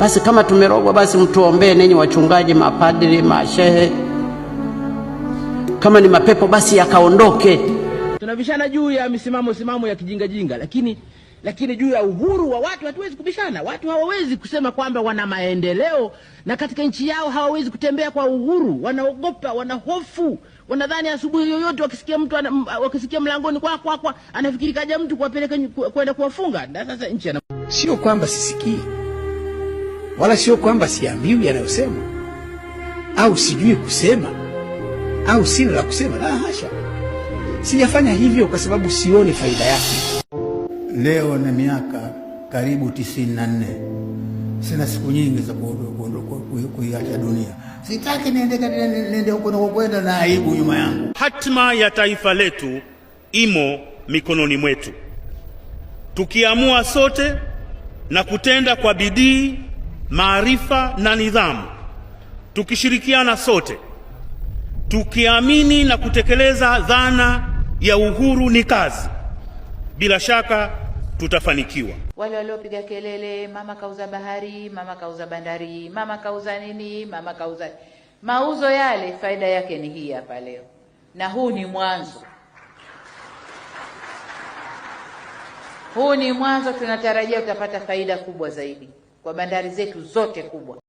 Basi kama tumerogwa, basi mtuombee ninyi wachungaji, mapadri, mashehe. Kama ni mapepo basi yakaondoke. Tunabishana juu ya misimamo simamo ya kijingajinga, lakini lakini juu ya uhuru wa watu hatuwezi kubishana. Watu hawawezi kusema kwamba wana maendeleo na katika nchi yao hawawezi kutembea kwa uhuru. Wanaogopa, wana hofu, wanadhani asubuhi yoyote wakisikia mtu wakisikia mlangoni kwa kwa kwa anafikiri kaja mtu kuwapeleka kwenda kuwafunga. Sasa nchi sio kwamba sisikii wala sio kwamba siambiwi yanayosemwa au sijui kusema au sina la kusema. La hasha, sijafanya hivyo kwa sababu sioni faida yake. Leo na miaka karibu tisini na nne, sina siku nyingi za kuiacha dunia. Sitaki niende huko nakokwenda na aibu nyuma yangu. Hatima ya taifa letu imo mikononi mwetu, tukiamua sote na kutenda kwa bidii maarifa na nidhamu, tukishirikiana sote, tukiamini na kutekeleza dhana ya uhuru ni kazi, bila shaka tutafanikiwa. Wale waliopiga kelele mama kauza bahari, mama kauza bandari, mama kauza nini, mama kauza mauzo yale, faida yake ni hii hapa leo, na huu ni mwanzo huu ni mwanzo, tunatarajia utapata faida kubwa zaidi kwa bandari zetu zote kubwa.